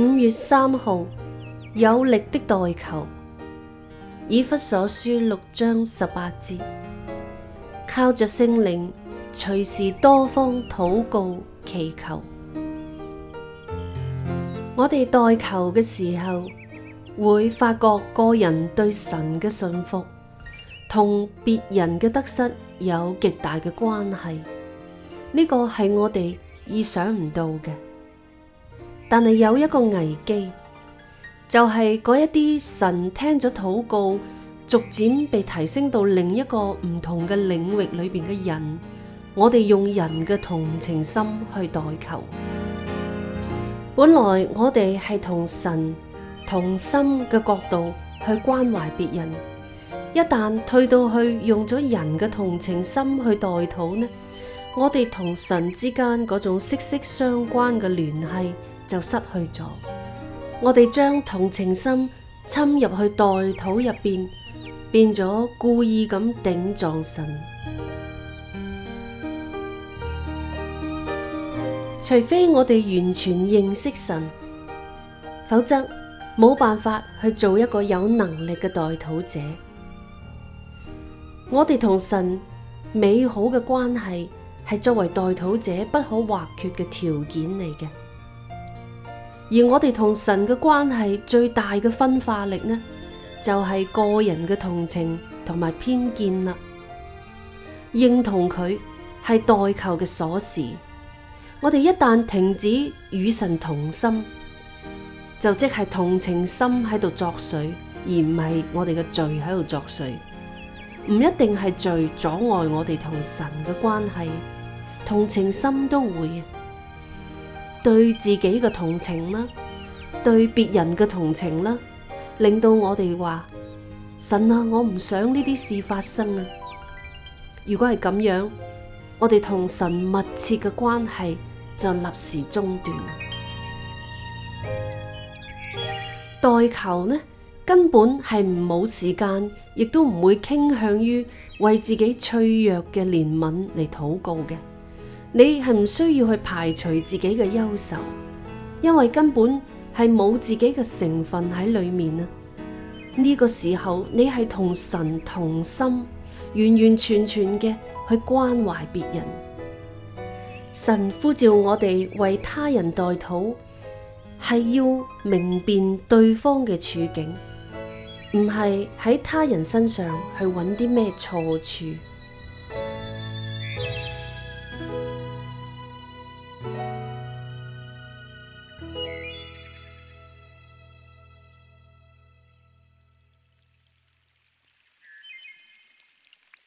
五月三號，有力的代求，以弗所書六章十八節，靠着聖靈，隨時多方禱告祈求。我哋代求嘅時候，會發覺個人對神嘅信服，同別人嘅得失有極大嘅關係。呢、這個係我哋意想唔到嘅。但係有一個危機，就係、是、嗰一啲神聽咗禱告，逐漸被提升到另一個唔同嘅領域裏邊嘅人，我哋用人嘅同情心去代求。本來我哋係同神同心嘅角度去關懷別人，一旦退到去用咗人嘅同情心去代禱呢，我哋同神之間嗰種息息相關嘅聯繫。就失去咗。我哋將同情心侵入去代禱入邊，變咗故意咁頂撞神。除非我哋完全認識神，否則冇辦法去做一個有能力嘅代禱者。我哋同神美好嘅關係，係作為代禱者不可或缺嘅條件嚟嘅。而我哋同神嘅關係最大嘅分化力呢，就係、是、個人嘅同情同埋偏見啦。認同佢係代求嘅鎖匙，我哋一旦停止與神同心，就即係同情心喺度作祟，而唔係我哋嘅罪喺度作祟。唔一定係罪阻礙我哋同神嘅關係，同情心都會。對自己嘅同情啦，對別人嘅同情啦，令到我哋話神啊，我唔想呢啲事發生啊！如果係咁樣，我哋同神密切嘅關係就立時中斷。代求呢，根本係唔冇時間，亦都唔會傾向於為自己脆弱嘅憐憫嚟禱告嘅。你係唔需要去排除自己嘅憂愁，因為根本係冇自己嘅成分喺裏面啊！呢個時候你係同神同心，完完全全嘅去關懷別人。神呼召我哋為他人代禱，係要明辨對方嘅處境，唔係喺他人身上去揾啲咩錯處。